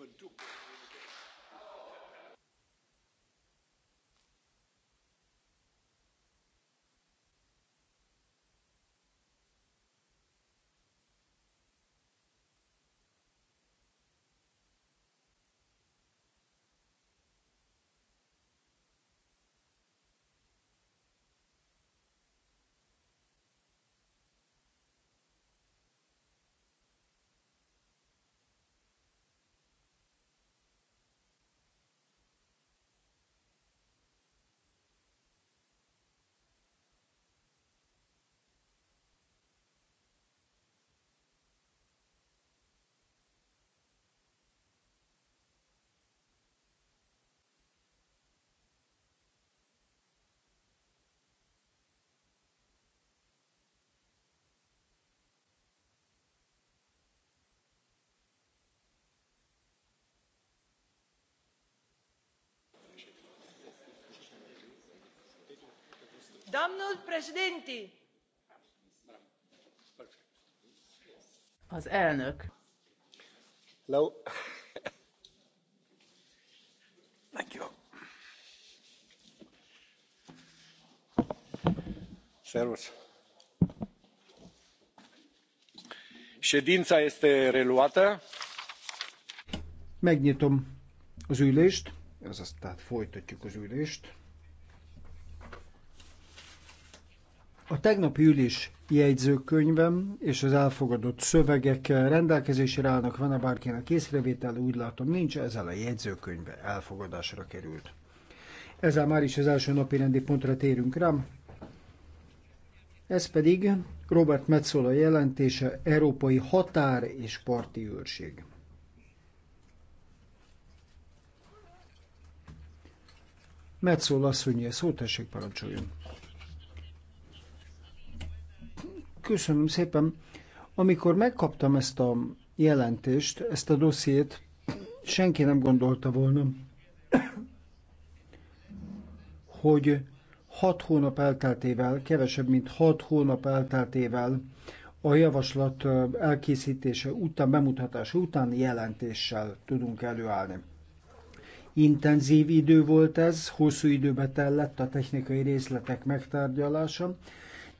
even do. Domnul președinti! Az elnök. Hello. Thank you. Servus. Ședința este reluată. Megnyitom az ülést, azaz tehát folytatjuk az ülést. A tegnapi ülés jegyzőkönyvem és az elfogadott szövegek rendelkezésére állnak, van-e bárkinek észrevétel, úgy látom nincs, ezzel a jegyzőkönyve elfogadásra került. Ezzel már is az első napi rendi pontra térünk rám. Ez pedig Robert Metzola jelentése Európai Határ és Parti Őrség. Metzola asszonyi, szó tessék parancsoljon. Köszönöm szépen. Amikor megkaptam ezt a jelentést, ezt a dossziét, senki nem gondolta volna, hogy hat hónap elteltével, kevesebb, mint hat hónap elteltével a javaslat elkészítése után, bemutatása után jelentéssel tudunk előállni. Intenzív idő volt ez, hosszú időbe tellett a technikai részletek megtárgyalása,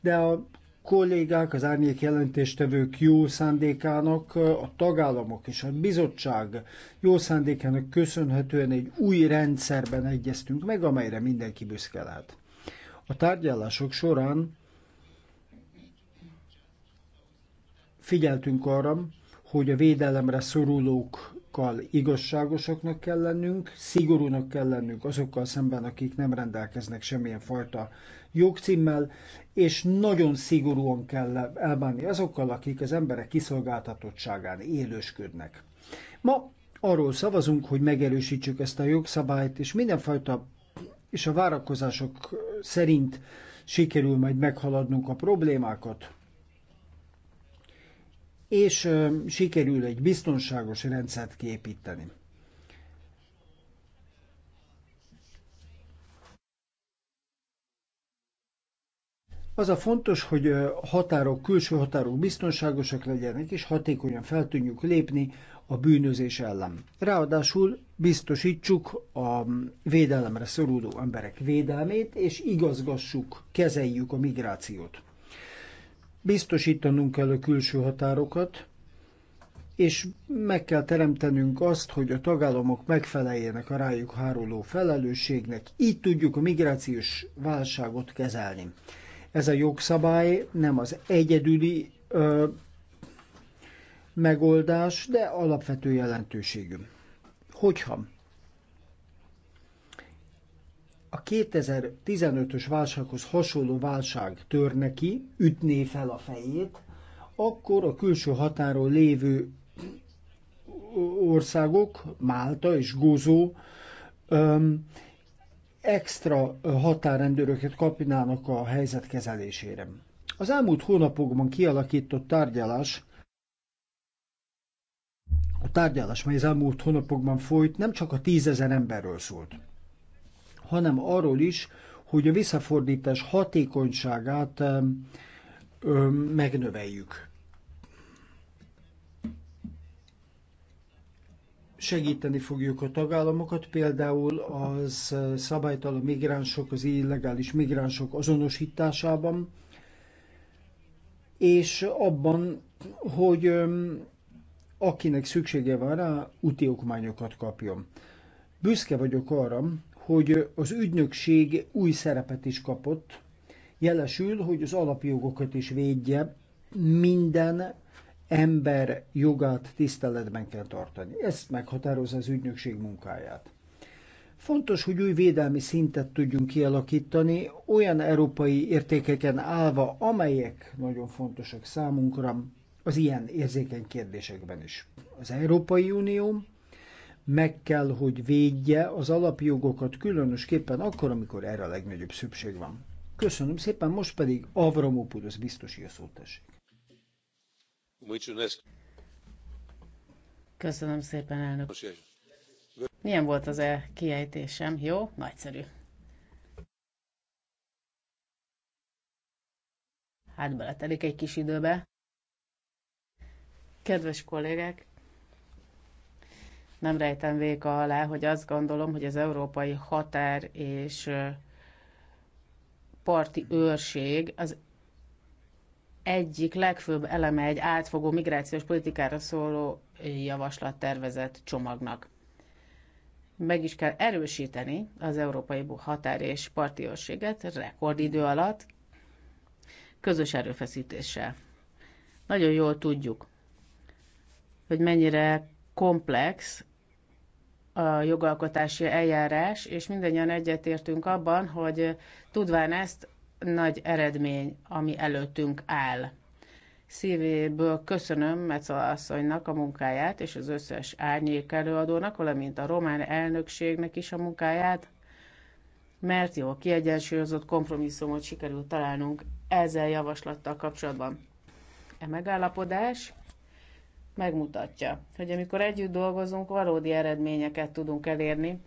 de a kollégák, az árnyék jelentéstevők jó szándékának, a tagállamok és a bizottság jó szándékának köszönhetően egy új rendszerben egyeztünk meg, amelyre mindenki büszke lehet. A tárgyalások során figyeltünk arra, hogy a védelemre szorulók azokkal igazságosaknak kell lennünk, szigorúnak kell lennünk azokkal szemben, akik nem rendelkeznek semmilyen fajta jogcímmel, és nagyon szigorúan kell elbánni azokkal, akik az emberek kiszolgáltatottságán élősködnek. Ma arról szavazunk, hogy megerősítsük ezt a jogszabályt, és mindenfajta és a várakozások szerint sikerül majd meghaladnunk a problémákat, és sikerül egy biztonságos rendszert képíteni. Az a fontos, hogy határok, külső határok biztonságosak legyenek, és hatékonyan fel tudjuk lépni a bűnözés ellen. Ráadásul biztosítsuk a védelemre szoruló emberek védelmét, és igazgassuk, kezeljük a migrációt. Biztosítanunk kell a külső határokat, és meg kell teremtenünk azt, hogy a tagállamok megfeleljenek a rájuk háruló felelősségnek, így tudjuk a migrációs válságot kezelni. Ez a jogszabály nem az egyedüli ö, megoldás, de alapvető jelentőségű. Hogyha a 2015-ös válsághoz hasonló válság törne ki, ütné fel a fejét, akkor a külső határól lévő országok, Málta és Gozó, öm, extra határrendőröket kapnának a helyzet kezelésére. Az elmúlt hónapokban kialakított tárgyalás, a tárgyalás, mely az elmúlt hónapokban folyt, nem csak a tízezer emberről szólt hanem arról is, hogy a visszafordítás hatékonyságát megnöveljük. Segíteni fogjuk a tagállamokat, például az eh, szabálytalan migránsok, az illegális migránsok azonosításában, és abban, hogy akinek szüksége van rá, úti okmányokat kapjon. Büszke vagyok arra, hogy az ügynökség új szerepet is kapott, jelesül, hogy az alapjogokat is védje, minden ember jogát tiszteletben kell tartani. Ezt meghatározza az ügynökség munkáját. Fontos, hogy új védelmi szintet tudjunk kialakítani, olyan európai értékeken állva, amelyek nagyon fontosak számunkra az ilyen érzékeny kérdésekben is. Az Európai Unió meg kell, hogy védje az alapjogokat, különösképpen akkor, amikor erre a legnagyobb szükség van. Köszönöm szépen, most pedig Avramopoulos biztosi a szót tessék. Köszönöm szépen, elnök. Milyen volt az e kiejtésem? Jó? Nagyszerű. Hát beletelik egy kis időbe. Kedves kollégák, nem rejtem véka alá, hogy azt gondolom, hogy az európai határ és parti őrség az egyik legfőbb eleme egy átfogó migrációs politikára szóló javaslat tervezett csomagnak. Meg is kell erősíteni az európai határ és parti őrséget rekordidő alatt, közös erőfeszítéssel. Nagyon jól tudjuk, hogy mennyire komplex a jogalkotási eljárás, és mindannyian egyetértünk abban, hogy tudván ezt nagy eredmény, ami előttünk áll. Szívéből köszönöm Mecola asszonynak a munkáját, és az összes árnyék előadónak, valamint a román elnökségnek is a munkáját, mert jó, kiegyensúlyozott kompromisszumot sikerült találnunk ezzel javaslattal kapcsolatban. E megállapodás megmutatja, hogy amikor együtt dolgozunk, valódi eredményeket tudunk elérni,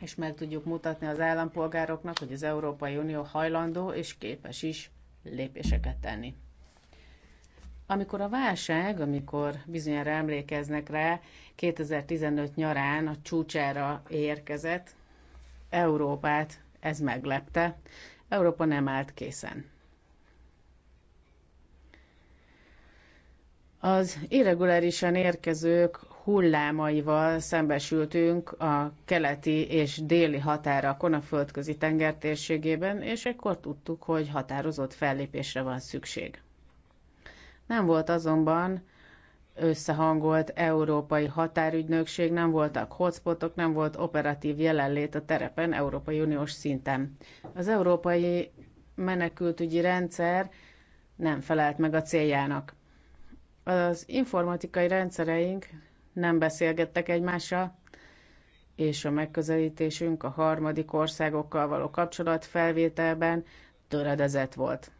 és meg tudjuk mutatni az állampolgároknak, hogy az Európai Unió hajlandó és képes is lépéseket tenni. Amikor a válság, amikor bizonyára emlékeznek rá, 2015 nyarán a csúcsára érkezett, Európát ez meglepte. Európa nem állt készen. Az irregulárisan érkezők hullámaival szembesültünk a keleti és déli határakon a földközi tenger térségében, és ekkor tudtuk, hogy határozott fellépésre van szükség. Nem volt azonban összehangolt európai határügynökség, nem voltak hotspotok, nem volt operatív jelenlét a terepen Európai Uniós szinten. Az európai menekültügyi rendszer nem felelt meg a céljának az informatikai rendszereink nem beszélgettek egymással, és a megközelítésünk a harmadik országokkal való kapcsolat felvételben töredezett volt.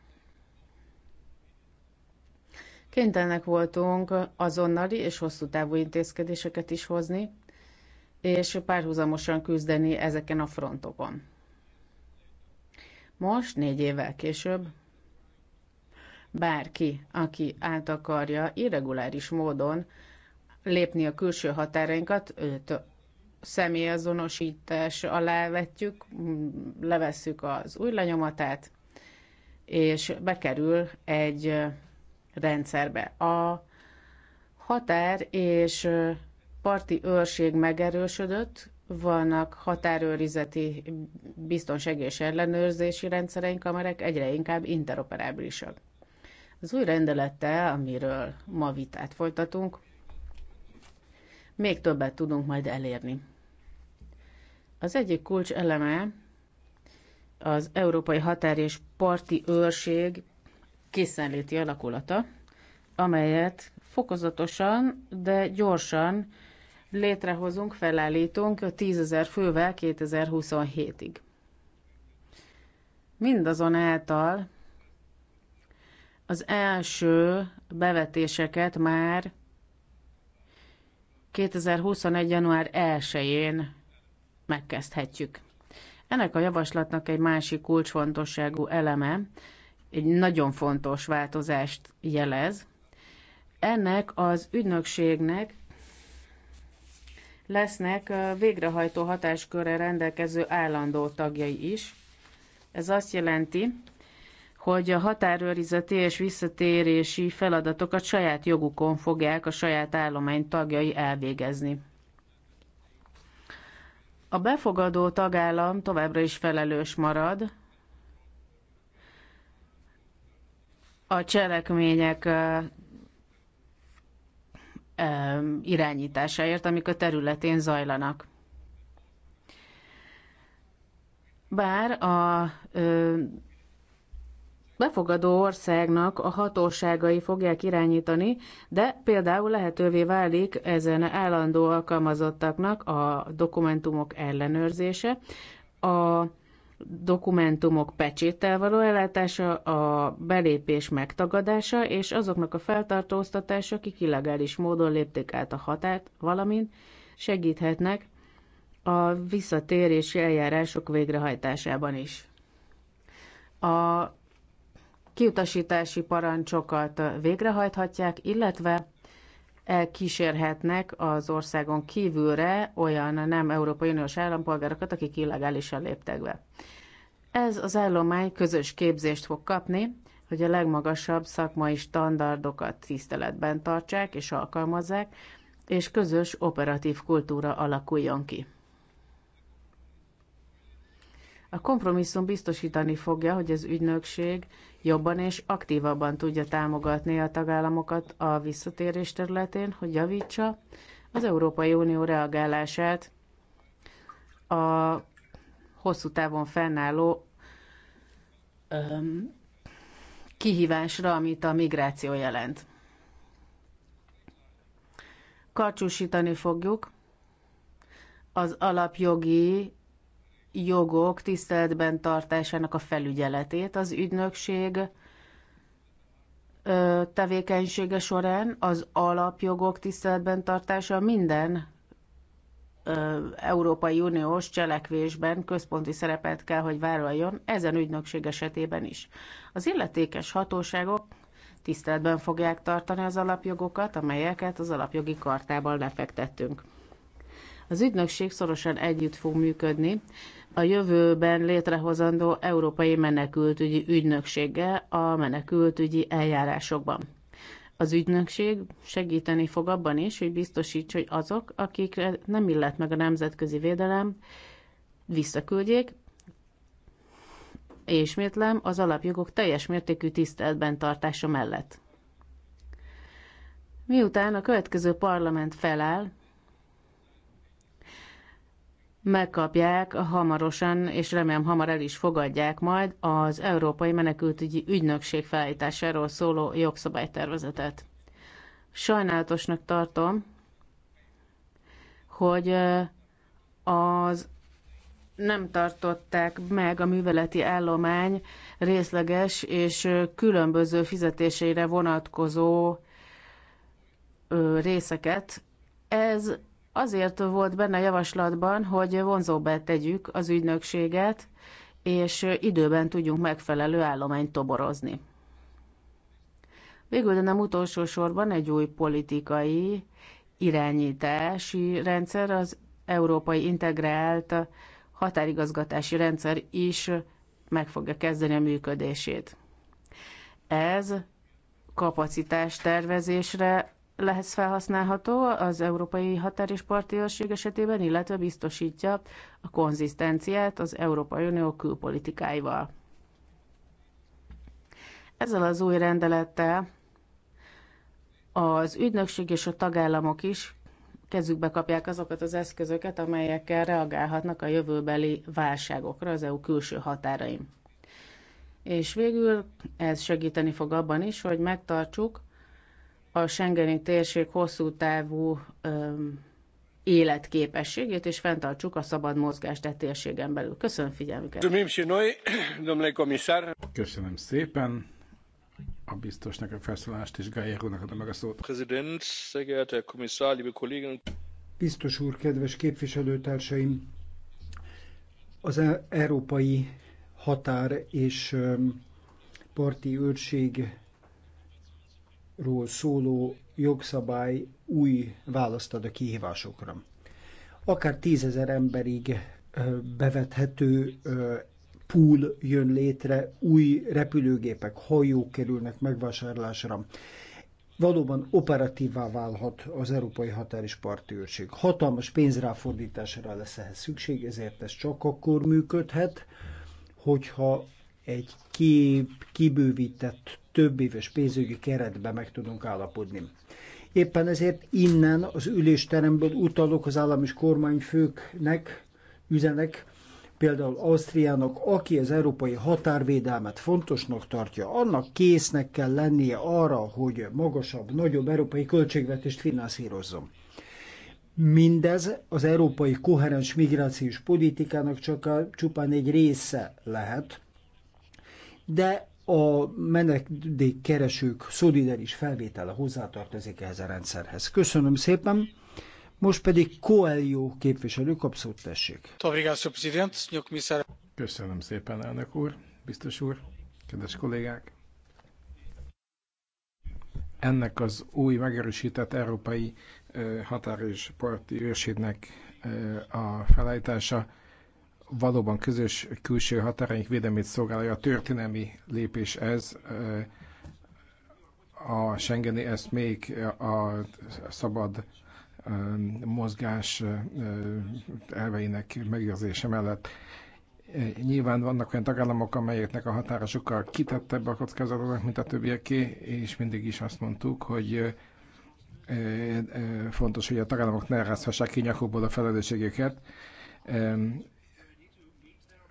Kénytelenek voltunk azonnali és hosszú távú intézkedéseket is hozni, és párhuzamosan küzdeni ezeken a frontokon. Most, négy évvel később, bárki, aki át akarja irreguláris módon lépni a külső határainkat, őt személyazonosítás alá vetjük, levesszük az új lenyomatát, és bekerül egy rendszerbe. A határ és parti őrség megerősödött, vannak határőrizeti biztonsági és ellenőrzési rendszereink, amelyek egyre inkább interoperábilisak. Az új rendelettel, amiről ma vitát folytatunk, még többet tudunk majd elérni. Az egyik kulcs eleme az Európai Határ és Parti Őrség készenléti alakulata, amelyet fokozatosan, de gyorsan létrehozunk, felállítunk 10.000 fővel 2027-ig. Mindazonáltal az első bevetéseket már 2021. január 1-én megkezdhetjük. Ennek a javaslatnak egy másik kulcsfontosságú eleme, egy nagyon fontos változást jelez. Ennek az ügynökségnek lesznek végrehajtó hatásköre rendelkező állandó tagjai is. Ez azt jelenti, hogy a határőrizeti és visszatérési feladatokat saját jogukon fogják a saját állomány tagjai elvégezni. A befogadó tagállam továbbra is felelős marad a cselekmények irányításáért, amik a területén zajlanak. Bár a befogadó országnak a hatóságai fogják irányítani, de például lehetővé válik ezen állandó alkalmazottaknak a dokumentumok ellenőrzése, a dokumentumok pecséttel való ellátása, a belépés megtagadása és azoknak a feltartóztatása, akik illegális módon lépték át a határt, valamint segíthetnek a visszatérési eljárások végrehajtásában is. A kiutasítási parancsokat végrehajthatják, illetve kísérhetnek az országon kívülre olyan nem Európai Uniós állampolgárokat, akik illegálisan léptek be. Ez az állomány közös képzést fog kapni, hogy a legmagasabb szakmai standardokat tiszteletben tartsák és alkalmazzák, és közös operatív kultúra alakuljon ki. A kompromisszum biztosítani fogja, hogy az ügynökség jobban és aktívabban tudja támogatni a tagállamokat a visszatérés területén, hogy javítsa az Európai Unió reagálását a hosszú távon fennálló kihívásra, amit a migráció jelent. Karcsúsítani fogjuk az alapjogi jogok tiszteletben tartásának a felügyeletét az ügynökség tevékenysége során, az alapjogok tiszteletben tartása minden Európai Uniós cselekvésben központi szerepet kell, hogy vállaljon, ezen ügynökség esetében is. Az illetékes hatóságok tiszteletben fogják tartani az alapjogokat, amelyeket az alapjogi kartában lefektettünk. Az ügynökség szorosan együtt fog működni a jövőben létrehozandó Európai Menekültügyi Ügynökséggel a menekültügyi eljárásokban. Az ügynökség segíteni fog abban is, hogy biztosíts, hogy azok, akikre nem illet meg a nemzetközi védelem, visszaküldjék, mértlem az alapjogok teljes mértékű tiszteletben tartása mellett. Miután a következő parlament feláll, megkapják hamarosan, és remélem hamar el is fogadják majd az Európai Menekültügyi Ügynökség felállításáról szóló jogszabálytervezetet. Sajnálatosnak tartom, hogy az nem tartották meg a műveleti állomány részleges és különböző fizetéseire vonatkozó részeket. Ez Azért volt benne a javaslatban, hogy vonzóbbá tegyük az ügynökséget, és időben tudjunk megfelelő állományt toborozni. Végül, de nem utolsó sorban egy új politikai irányítási rendszer, az európai integrált határigazgatási rendszer is meg fogja kezdeni a működését. Ez kapacitás tervezésre, lesz felhasználható az európai határ és parti esetében, illetve biztosítja a konzisztenciát az Európai Unió külpolitikáival. Ezzel az új rendelettel az ügynökség és a tagállamok is kezükbe kapják azokat az eszközöket, amelyekkel reagálhatnak a jövőbeli válságokra az EU külső határain. És végül ez segíteni fog abban is, hogy megtartsuk a Schengeni térség hosszú távú öm, életképességét, és fenntartsuk a szabad mozgást a e térségen belül. Köszönöm figyelmüket! Köszönöm szépen! A biztosnak a felszólást és Gájer úrnak adom meg a szót. Biztos úr, kedves képviselőtársaim! Az e- európai határ és parti őrség ról szóló jogszabály új választ ad a kihívásokra. Akár tízezer emberig bevethető pool jön létre, új repülőgépek, hajók kerülnek megvásárlásra. Valóban operatívá válhat az Európai Határ és Parti Őrség. Hatalmas pénzráfordításra lesz ehhez szükség, ezért ez csak akkor működhet, hogyha egy kép, kibővített több éves pénzügyi keretbe meg tudunk állapodni. Éppen ezért innen az ülésteremből utalok az állam és kormányfőknek, üzenek, például Ausztriának, aki az európai határvédelmet fontosnak tartja, annak késznek kell lennie arra, hogy magasabb, nagyobb európai költségvetést finanszírozzon. Mindez az európai koherens migrációs politikának csak a, csupán egy része lehet, de a menedékkeresők szolidaris felvétele hozzátartozik ehhez a rendszerhez. Köszönöm szépen! Most pedig Coelho képviselő kapszót tessék. Köszönöm szépen, elnök úr, biztos úr, kedves kollégák! Ennek az új megerősített európai határ és parti őrségnek a felállítása valóban közös külső határaink védelmét szolgálja. A történelmi lépés ez. Eh, a Schengeni ezt még a szabad eh, mozgás eh, elveinek megőrzése mellett. Nyilván vannak olyan tagállamok, amelyeknek a határa sokkal kitettebb a kockázatoknak, mint a többieké, és mindig is azt mondtuk, hogy fontos, hogy a tagállamok ne rázhassák ki nyakukból a felelősségeket.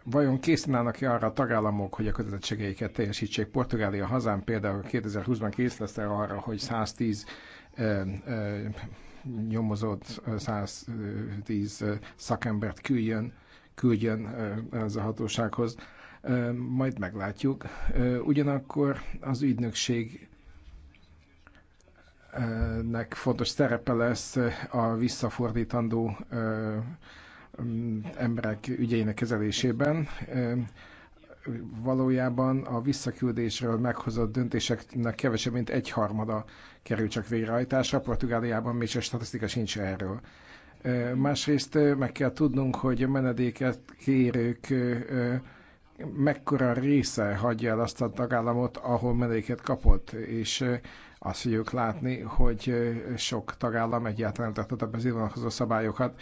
Vajon készen állnak-e arra a tagállamok, hogy a kötelezettségeiket teljesítsék? Portugália hazán például 2020-ban kész lesz -e arra, hogy 110 eh, eh, nyomozott, 110 szakembert küldjön, küldjön ez a hatósághoz. Majd meglátjuk. Ugyanakkor az ügynökség nek fontos szerepe lesz a visszafordítandó Mm, emberek ügyeinek kezelésében. Valójában a visszaküldésről meghozott döntéseknek kevesebb, mint egy harmada kerül csak végrehajtásra. Portugáliában még se statisztika sincs erről. Másrészt meg kell tudnunk, hogy a menedéket kérők mekkora része hagyja el azt a tagállamot, ahol menedéket kapott, és azt fogjuk látni, hogy sok tagállam egyáltalán nem tartotta be az szabályokat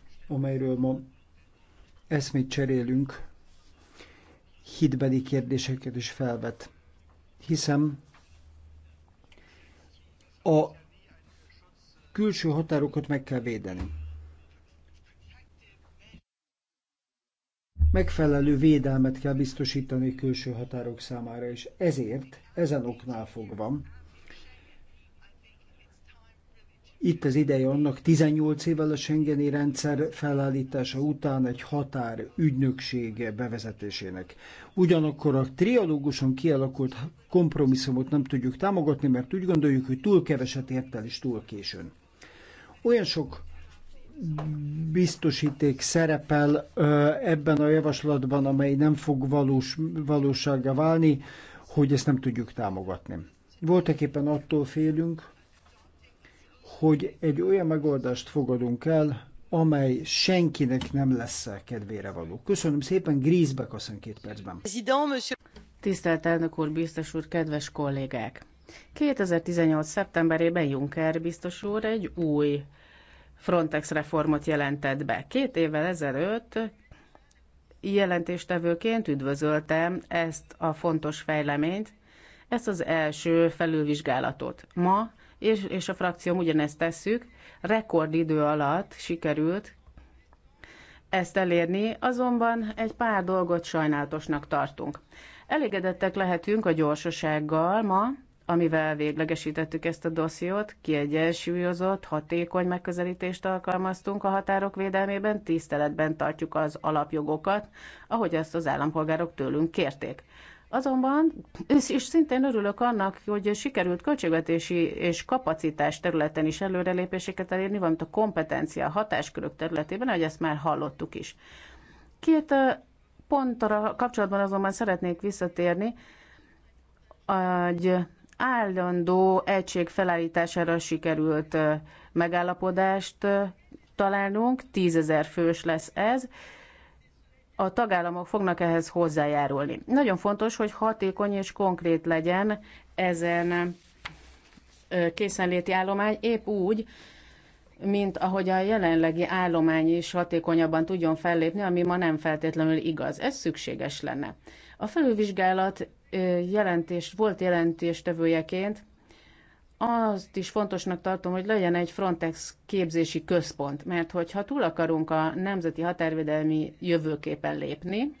amelyről ma eszmét cserélünk, hitbeli kérdéseket is felvet. Hiszem, a külső határokat meg kell védeni. Megfelelő védelmet kell biztosítani a külső határok számára, és ezért, ezen oknál fogva, itt az ideje annak 18 évvel a Schengeni rendszer felállítása után egy határ ügynökség bevezetésének. Ugyanakkor a trialóguson kialakult kompromisszumot nem tudjuk támogatni, mert úgy gondoljuk, hogy túl keveset ért el és túl későn. Olyan sok biztosíték szerepel ebben a javaslatban, amely nem fog valós, valósággá válni, hogy ezt nem tudjuk támogatni. Voltak éppen attól félünk, hogy egy olyan megoldást fogadunk el, amely senkinek nem lesz kedvére való. Köszönöm szépen, Grízbe köszön két percben. Tisztelt elnök úr, biztos úr, kedves kollégák! 2018. szeptemberében Juncker biztos úr egy új Frontex reformot jelentett be. Két évvel ezelőtt jelentéstevőként üdvözöltem ezt a fontos fejleményt, ezt az első felülvizsgálatot. Ma és, és a frakcióm ugyanezt tesszük, rekordidő alatt sikerült ezt elérni, azonban egy pár dolgot sajnálatosnak tartunk. Elégedettek lehetünk a gyorsasággal ma, amivel véglegesítettük ezt a dossziót, kiegyensúlyozott, hatékony megközelítést alkalmaztunk a határok védelmében, tiszteletben tartjuk az alapjogokat, ahogy ezt az állampolgárok tőlünk kérték. Azonban, és szintén örülök annak, hogy sikerült költségvetési és kapacitás területen is előrelépéseket elérni, valamint a kompetencia, a hatáskörök területében, ahogy ezt már hallottuk is. Két pontra kapcsolatban azonban szeretnék visszatérni, hogy állandó egység felállítására sikerült megállapodást találnunk, tízezer fős lesz ez, a tagállamok fognak ehhez hozzájárulni. Nagyon fontos, hogy hatékony és konkrét legyen ezen készenléti állomány, épp úgy, mint ahogy a jelenlegi állomány is hatékonyabban tudjon fellépni, ami ma nem feltétlenül igaz. Ez szükséges lenne. A felülvizsgálat jelentés, volt jelentéstevőjeként azt is fontosnak tartom, hogy legyen egy Frontex képzési központ, mert hogyha túl akarunk a nemzeti határvédelmi jövőképen lépni,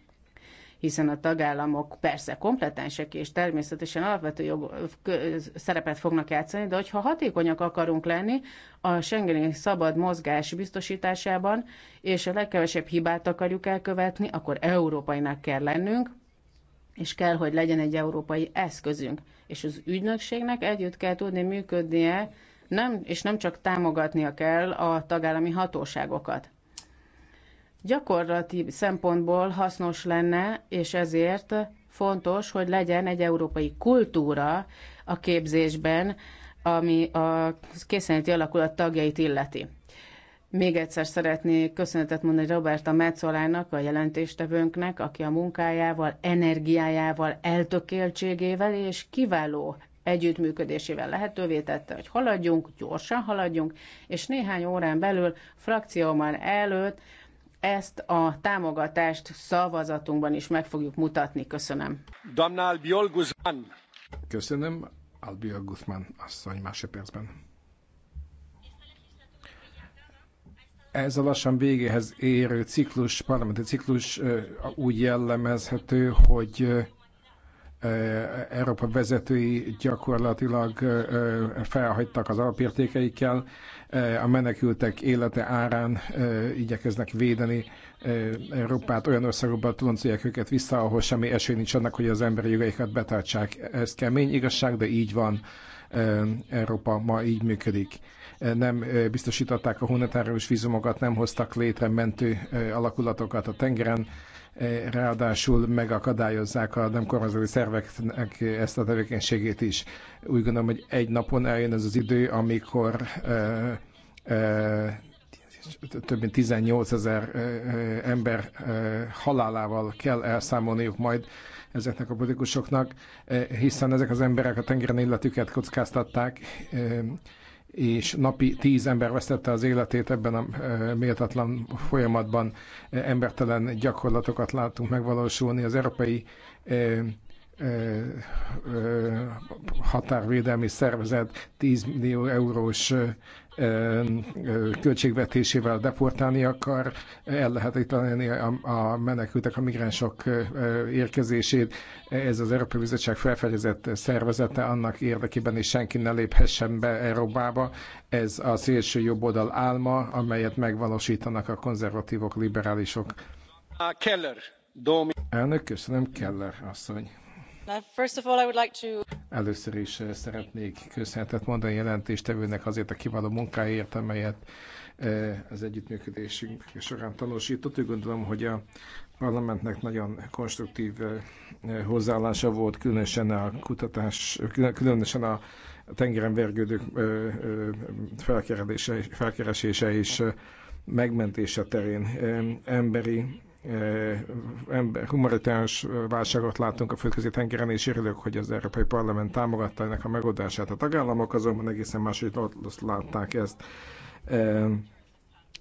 hiszen a tagállamok persze kompetensek és természetesen alapvető jog, szerepet fognak játszani, de hogyha hatékonyak akarunk lenni a Schengeni szabad mozgás biztosításában, és a legkevesebb hibát akarjuk elkövetni, akkor európainak kell lennünk, és kell, hogy legyen egy európai eszközünk. És az ügynökségnek együtt kell tudni működnie, nem, és nem csak támogatnia kell a tagállami hatóságokat. Gyakorlati szempontból hasznos lenne, és ezért fontos, hogy legyen egy európai kultúra a képzésben, ami a készenléti alakulat tagjait illeti. Még egyszer szeretnék köszönetet mondani Roberta Metzolának, a jelentéstevőnknek, aki a munkájával, energiájával, eltökéltségével és kiváló együttműködésével lehetővé tette, hogy haladjunk, gyorsan haladjunk, és néhány órán belül frakcióban előtt ezt a támogatást szavazatunkban is meg fogjuk mutatni. Köszönöm. Damnál Köszönöm, Albia Guzman asszony másodpercben. Ez a lassan végéhez érő ciklus, parlamenti ciklus úgy jellemezhető, hogy Európa vezetői gyakorlatilag felhagytak az alapértékeikkel, a menekültek élete árán igyekeznek védeni Európát, olyan országokba tuloncolják őket vissza, ahol semmi esély nincs annak, hogy az emberi jogaikat betartsák. Ez kemény igazság, de így van. Európa ma így működik nem biztosították a humanitárius vízumokat, nem hoztak létre mentő alakulatokat a tengeren, ráadásul megakadályozzák a nem kormányzati szerveknek ezt a tevékenységét is. Úgy gondolom, hogy egy napon eljön ez az idő, amikor több mint 18 ezer ember halálával kell elszámolniuk majd ezeknek a politikusoknak, hiszen ezek az emberek a tengeren életüket kockáztatták, és napi tíz ember vesztette az életét ebben a e, méltatlan folyamatban, e, embertelen gyakorlatokat látunk megvalósulni. Az európai e, határvédelmi szervezet 10 millió eurós költségvetésével deportálni akar, el lehet lehetetleníteni a menekültek, a migránsok érkezését. Ez az Európai Bizottság felfedezett szervezete annak érdekében, hogy senki ne léphessen be Európába. Ez a szélső jobb oldal álma, amelyet megvalósítanak a konzervatívok, liberálisok. Keller. Domi. Elnök, köszönöm, Keller asszony. Először is eh, szeretnék köszönetet mondani jelentéstevőnek azért a kiváló munkáért, amelyet eh, az együttműködésünk során tanúsított. Úgy gondolom, hogy a parlamentnek nagyon konstruktív eh, hozzáállása volt, különösen a kutatás, különösen a tengeren vergődők felkeresése és megmentése terén emberi Eh, humanitárius válságot látunk a földközi tengeren, és örülök, hogy az Európai Parlament támogatta ennek a megoldását. A tagállamok azonban egészen máshogy látták ezt eh,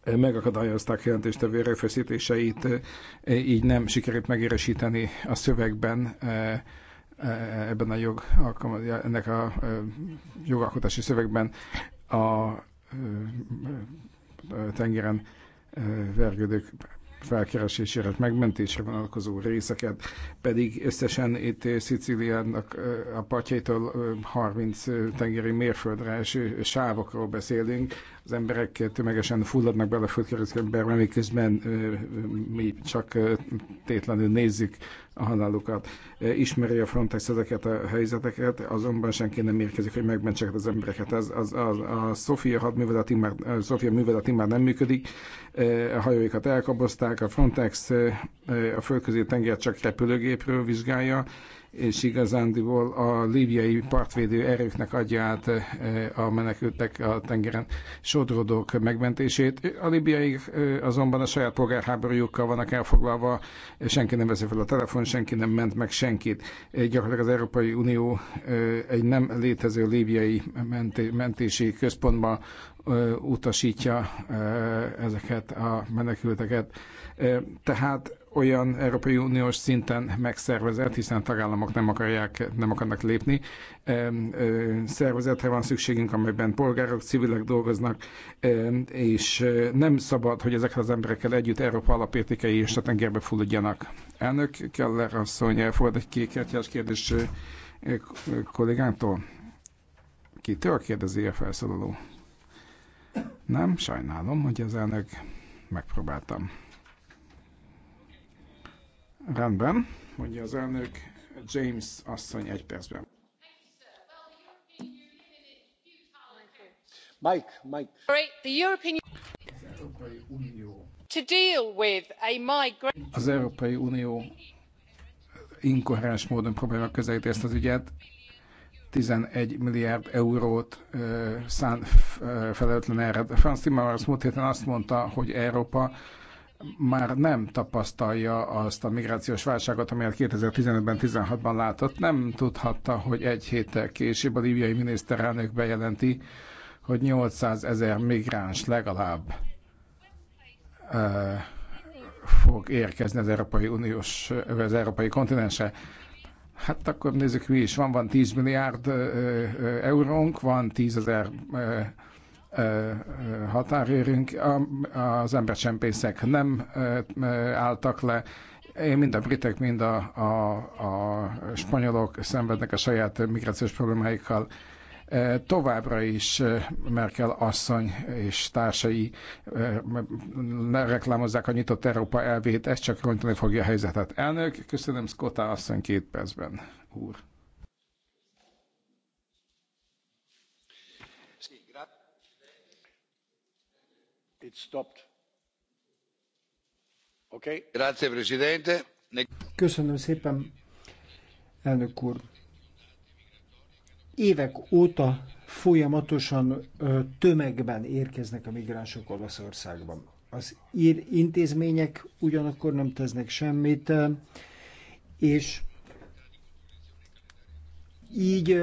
megakadályozták jelentéstevő erőfeszítéseit, eh, így nem sikerült megéresíteni a szövegben ebben a jog, ennek a jogalkotási szövegben a tengeren vergődők felkeresésére, megmentésre vonatkozó részeket, pedig összesen itt Szicíliának a partjaitól 30 tengeri mérföldre eső sávokról beszélünk, az emberek tömegesen fulladnak bele a földkerekbe, miközben mi csak tétlenül nézzük a halálukat. Ismeri a Frontex ezeket a helyzeteket, azonban senki nem érkezik, hogy megmentsek az embereket. Az, az, az, a Sofia már, a Sofia műveleti már nem működik, a hajóikat elkabozták, a Frontex a földközi tenger csak repülőgépről vizsgálja, és igazándiból a líbiai partvédő erőknek adja át eh, a menekültek a tengeren sodrodók megmentését. A líbiai eh, azonban a saját polgárháborújukkal vannak elfoglalva, senki nem veszi fel a telefon, senki nem ment meg senkit. Eh, gyakorlatilag az Európai Unió egy nem létező líbiai mentési központba utasítja ezeket a menekülteket. Tehát olyan Európai Uniós szinten megszervezett, hiszen tagállamok nem akarják, nem akarnak lépni. Szervezetre van szükségünk, amelyben polgárok, civilek dolgoznak, és nem szabad, hogy ezekkel az emberekkel együtt Európa alapértékei és a tengerbe fulladjanak. Elnök Keller asszony elfogad egy kékertjás kérdés Ki Kitől kérdezi a felszólaló? Nem, sajnálom, hogy az elnök megpróbáltam. Rendben, mondja az elnök. James asszony egy percben. Mike, Mike. The European... To deal with a Az Európai Unió inkoherens módon próbálja közelíti ezt az ügyet. 11 milliárd eurót szán felelőtlen erre. Franz Timmermans múlt héten azt mondta, hogy Európa már nem tapasztalja azt a migrációs válságot, amelyet 2015-ben, 16-ban látott. Nem tudhatta, hogy egy héttel később a libiai miniszterelnök bejelenti, hogy 800 ezer migráns legalább uh, fog érkezni az Európai Uniós, az Európai kontinense. Hát akkor nézzük mi is. Van, van 10 milliárd uh, eurónk, van 10 ezer uh, határérünk, az embercsempészek nem álltak le, mind a britek, mind a, a, a spanyolok szenvednek a saját migrációs problémáikkal. Továbbra is Merkel asszony és társai reklámozzák a nyitott Európa elvét, ez csak rontani fogja a helyzetet. Elnök, köszönöm Scotta asszony két percben, úr. Köszönöm szépen, elnök úr. Évek óta folyamatosan tömegben érkeznek a migránsok Olaszországban. Az ír intézmények ugyanakkor nem tesznek semmit, és így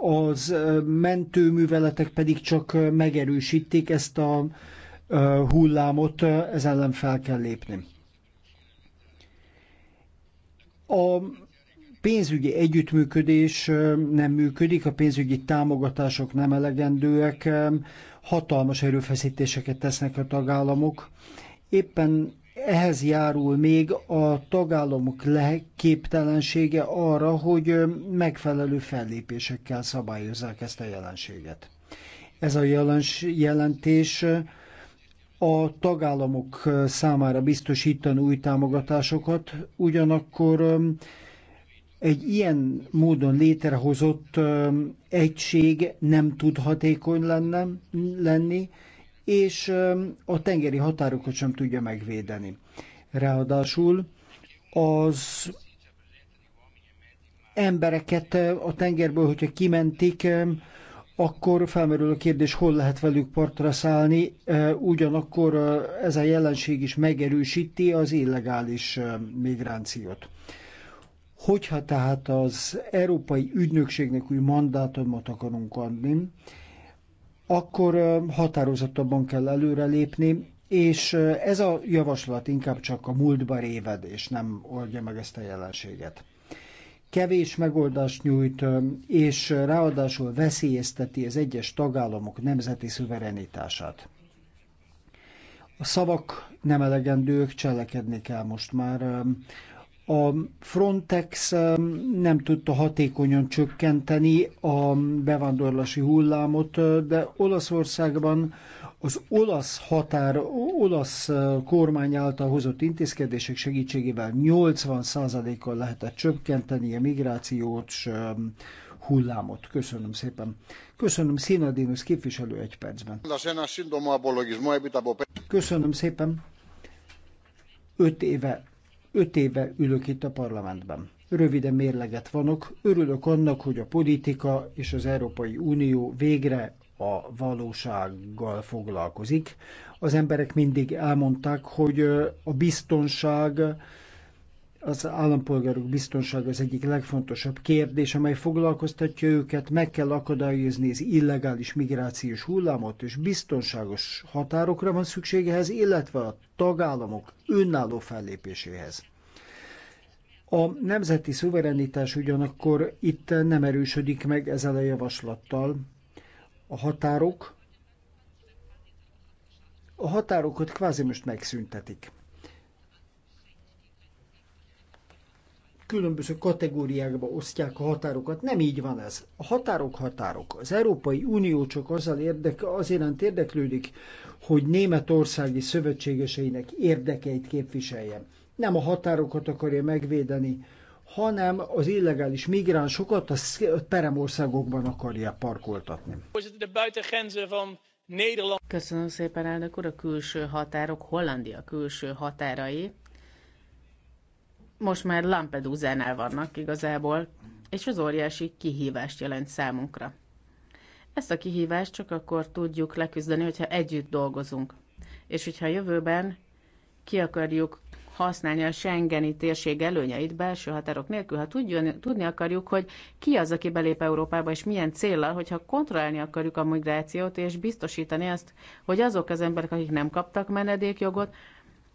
az mentőműveletek pedig csak megerősítik ezt a hullámot, ez ellen fel kell lépni. A pénzügyi együttműködés nem működik, a pénzügyi támogatások nem elegendőek, hatalmas erőfeszítéseket tesznek a tagállamok. Éppen ehhez járul még a tagállamok képtelensége arra, hogy megfelelő fellépésekkel szabályozzák ezt a jelenséget. Ez a jelentés a tagállamok számára biztosítani új támogatásokat, ugyanakkor egy ilyen módon létrehozott egység nem tud hatékony lenne, lenni, és a tengeri határokat sem tudja megvédeni. Ráadásul az embereket a tengerből, hogyha kimentik, akkor felmerül a kérdés, hol lehet velük partra szállni, ugyanakkor ez a jelenség is megerősíti az illegális migrációt. Hogyha tehát az Európai Ügynökségnek új mandátumot akarunk adni, akkor határozottabban kell előrelépni, és ez a javaslat inkább csak a múltba réved, és nem oldja meg ezt a jelenséget. Kevés megoldást nyújt, és ráadásul veszélyezteti az egyes tagállamok nemzeti szuverenitását. A szavak nem elegendők, cselekedni kell most már. A Frontex um, nem tudta hatékonyan csökkenteni a bevándorlási hullámot, uh, de Olaszországban az olasz határ, olasz uh, kormány által hozott intézkedések segítségével 80%-kal lehetett csökkenteni a és um, hullámot. Köszönöm szépen. Köszönöm Színadinus képviselő egy percben. Köszönöm szépen. Öt éve Öt éve ülök itt a parlamentben. Röviden mérleget vanok. Örülök annak, hogy a politika és az Európai Unió végre a valósággal foglalkozik. Az emberek mindig elmondták, hogy a biztonság az állampolgárok biztonsága az egyik legfontosabb kérdés, amely foglalkoztatja őket, meg kell akadályozni az illegális migrációs hullámot, és biztonságos határokra van szükségehez, illetve a tagállamok önálló fellépéséhez. A nemzeti szuverenitás ugyanakkor itt nem erősödik meg ezzel a javaslattal. A határok a határokat kvázi most megszüntetik. különböző kategóriákba osztják a határokat. Nem így van ez. A határok határok. Az Európai Unió csak azzal érdeke, az iránt érdeklődik, hogy németországi szövetségeseinek érdekeit képviseljen. Nem a határokat akarja megvédeni, hanem az illegális migránsokat a peremországokban akarja parkoltatni. Köszönöm szépen, elnök úr, a külső határok, Hollandia külső határai most már Lampedusa-nál vannak igazából, és az óriási kihívást jelent számunkra. Ezt a kihívást csak akkor tudjuk leküzdeni, hogyha együtt dolgozunk. És hogyha a jövőben ki akarjuk használni a Schengeni térség előnyeit belső határok nélkül, ha tudni akarjuk, hogy ki az, aki belép Európába, és milyen célral, hogyha kontrollálni akarjuk a migrációt, és biztosítani azt, hogy azok az emberek, akik nem kaptak menedékjogot,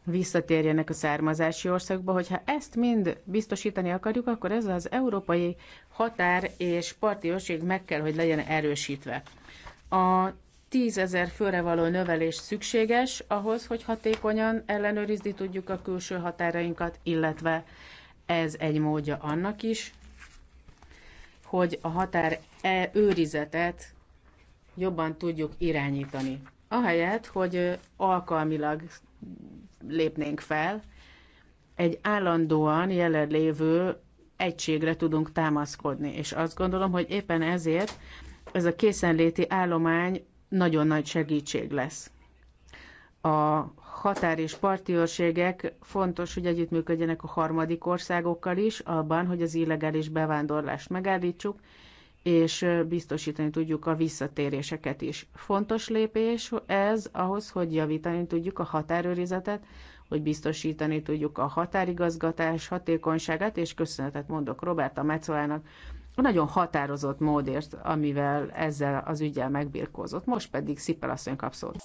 visszatérjenek a származási országba, hogyha ezt mind biztosítani akarjuk, akkor ez az európai határ és parti őrség meg kell, hogy legyen erősítve. A tízezer főre való növelés szükséges ahhoz, hogy hatékonyan ellenőrizni tudjuk a külső határainkat, illetve ez egy módja annak is, hogy a határ -e őrizetet jobban tudjuk irányítani. Ahelyett, hogy alkalmilag lépnénk fel, egy állandóan jelenlévő egységre tudunk támaszkodni. És azt gondolom, hogy éppen ezért ez a készenléti állomány nagyon nagy segítség lesz. A határ és parti őrségek fontos, hogy együttműködjenek a harmadik országokkal is, abban, hogy az illegális bevándorlást megállítsuk, és biztosítani tudjuk a visszatéréseket is. Fontos lépés ez ahhoz, hogy javítani tudjuk a határőrizetet, hogy biztosítani tudjuk a határigazgatás hatékonyságát, és köszönetet mondok Roberta Metzolának a nagyon határozott módért, amivel ezzel az ügyel megbirkózott. Most pedig Szippel asszony kap szót.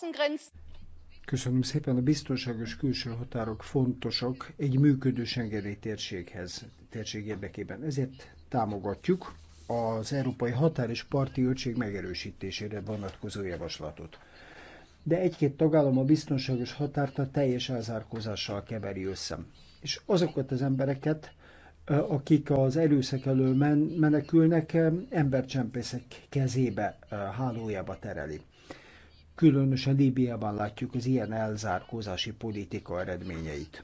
Köszönöm szépen, a biztonságos külső határok fontosak egy működő sengeri térséghez, térség érdekében. Ezért támogatjuk az Európai Határ és Parti Őrség megerősítésére vonatkozó javaslatot. De egy-két tagállam a biztonságos határt a teljes elzárkózással keveri össze. És azokat az embereket, akik az erőszak elől men- menekülnek, embercsempészek kezébe, hálójába tereli. Különösen Líbiában látjuk az ilyen elzárkózási politika eredményeit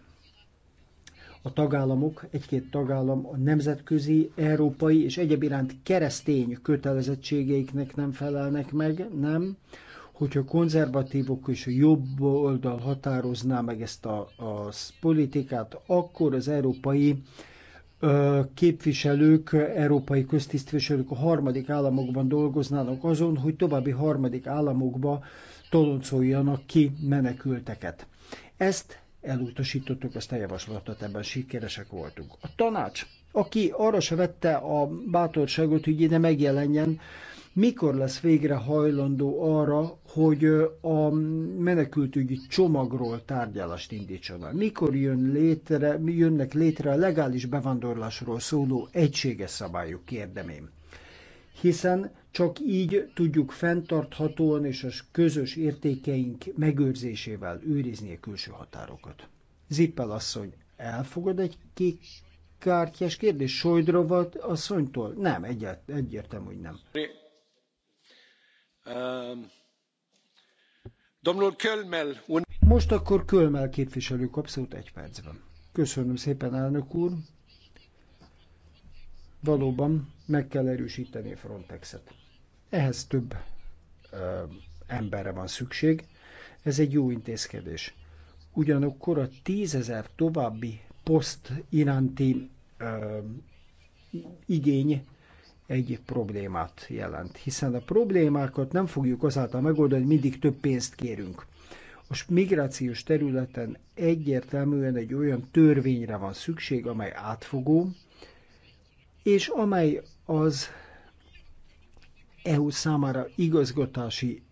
a tagállamok, egy-két tagállam a nemzetközi, európai és egyéb iránt keresztény kötelezettségeiknek nem felelnek meg, nem. Hogyha a konzervatívok és a jobb oldal határozná meg ezt a, a politikát, akkor az európai képviselők, európai köztisztviselők a harmadik államokban dolgoznának azon, hogy további harmadik államokba toloncoljanak ki menekülteket. Ezt elutasítottuk ezt a javaslatot, ebben sikeresek voltunk. A tanács, aki arra se vette a bátorságot, hogy ide megjelenjen, mikor lesz végre hajlandó arra, hogy a menekültügyi csomagról tárgyalást indítson el? Mikor jön létre, jönnek létre a legális bevándorlásról szóló egységes szabályok, kérdemém? Hiszen csak így tudjuk fenntarthatóan és a közös értékeink megőrzésével őrizni a külső határokat. Zippel asszony, elfogad egy kék kártyás kérdés Sojdrova asszonytól? Nem, egyet, egyértelmű, hogy nem. Ehm, Most akkor Kölmel képviselő abszolút egy percben. Köszönöm szépen, elnök úr. Valóban meg kell erősíteni a Frontexet. Ehhez több ö, emberre van szükség. Ez egy jó intézkedés. Ugyanakkor a tízezer további poszt iránti ö, igény egy problémát jelent, hiszen a problémákat nem fogjuk azáltal megoldani, hogy mindig több pénzt kérünk. A migrációs területen egyértelműen egy olyan törvényre van szükség, amely átfogó, és amely az EU számára igazgatási